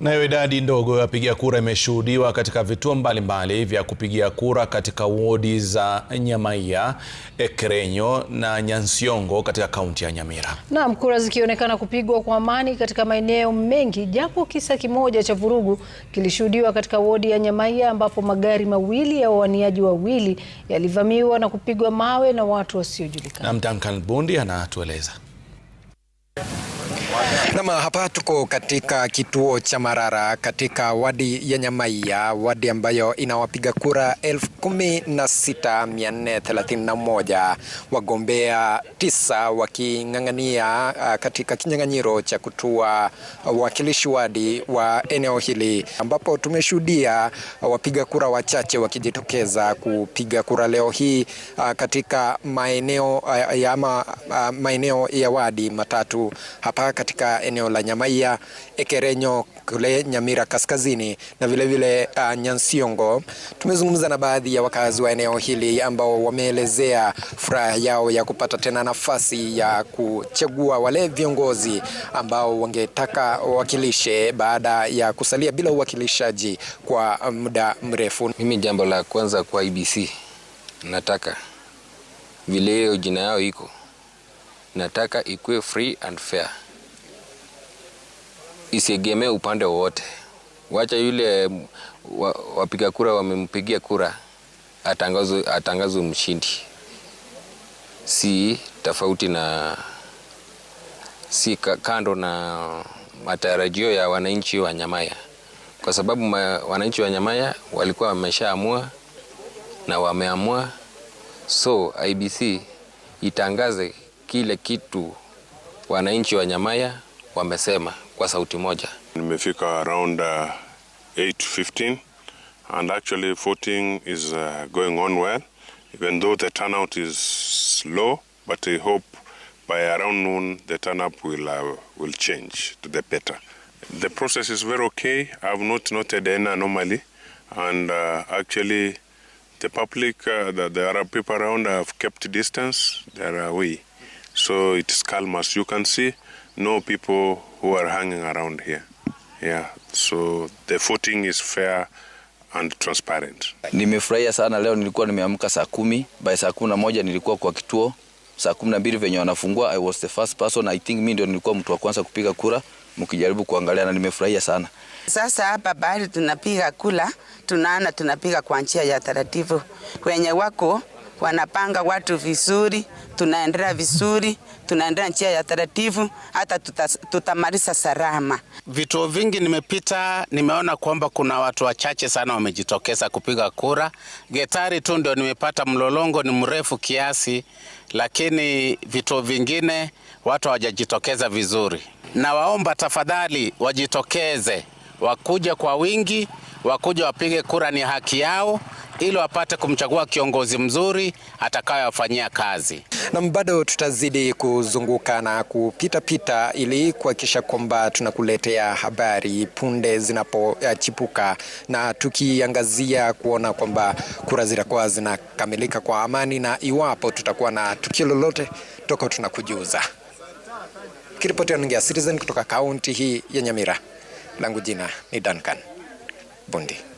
Nayo idadi ndogo ya wapiga kura imeshuhudiwa katika vituo mbalimbali vya kupigia kura katika wodi za Nyamaiya, Ekerenyo na Nyansiongo katika kaunti ya Nyamira. Naam, kura zikionekana kupigwa kwa amani katika maeneo mengi, japo kisa kimoja cha vurugu kilishuhudiwa katika wodi ya Nyamaiya ambapo magari mawili ya wawaniaji wawili yalivamiwa na kupigwa mawe na watu wasiojulikana. Naam, Duncan Bundi anatueleza. Nam, hapa tuko katika kituo cha Marara katika wadi ya Nyamaia, wadi ambayo ina wapiga kura 16431 wagombea tisa waking'ang'ania katika kinyang'anyiro cha kutua uwakilishi wadi wa eneo hili, ambapo tumeshuhudia wapiga kura wachache wakijitokeza kupiga kura leo hii katika maeneo ya, ama, maeneo ya wadi matatu hapa katika eneo la Nyamaiya, Ekerenyo kule Nyamira kaskazini na vilevile vile, uh, Nyansiongo. Tumezungumza na baadhi ya wakazi wa eneo hili ambao wameelezea furaha yao ya kupata tena nafasi ya kuchagua wale viongozi ambao wangetaka wawakilishe baada ya kusalia bila uwakilishaji kwa muda mrefu. Mimi jambo la kwanza kwa IBC nataka vile hiyo jina yao iko nataka ikuwe free and fair isiegemee upande wowote. Wacha yule wa, wapiga kura wamempigia kura atangazwe, atangazwe mshindi, si tofauti na si kando na matarajio ya wananchi wa Nyamaya, kwa sababu ma, wananchi wa Nyamaya walikuwa wameshaamua na wameamua, so IBC itangaze kile kitu wananchi wa Nyamaya wamesema kwa sauti moja. Nimefika around uh, 8:15 and actually voting is uh, going on well even though the turnout is low but I hope by around noon the turnup will, uh, will change to the better. The process is very okay. I've not noted any anomaly and uh, actually the public, uh, the, the Arab people around have kept distance. there are away. So it's calm as you can see. No people who are hanging around here. Yeah, so the footing is fair and transparent. Nimefurahia sana leo, nilikuwa nimeamka saa kumi, by saa kumi na moja nilikuwa kwa kituo, saa kumi na mbili venye wanafungua, I was the first person, I think mi ndio nilikuwa mtu wa kwanza kupiga kura, mkijaribu kuangalia na nimefurahia sana. Sasa hapa bahari tunapiga kula, tunaana tunapiga kwa njia ya taratibu, wenye wako wanapanga watu vizuri, tunaendelea vizuri, tunaendelea njia ya taratibu, hata tutamaliza salama. Vituo vingi nimepita, nimeona kwamba kuna watu wachache sana wamejitokeza kupiga kura. Getari tu ndio nimepata mlolongo ni mrefu kiasi, lakini vituo vingine watu hawajajitokeza vizuri. Nawaomba tafadhali wajitokeze wakuja kwa wingi, wakuja wapige kura, ni haki yao ili wapate kumchagua kiongozi mzuri atakayowafanyia kazi. Na bado tutazidi kuzunguka na kupitapita ili kuhakikisha kwamba tunakuletea habari punde zinapochipuka, na tukiangazia kuona kwamba kura zitakuwa zinakamilika kwa amani, na iwapo tutakuwa na tukio lolote toka tunakujuza. Kiripoti ya Citizen kutoka kaunti hii ya Nyamira. langu jina ni Duncan Bundi.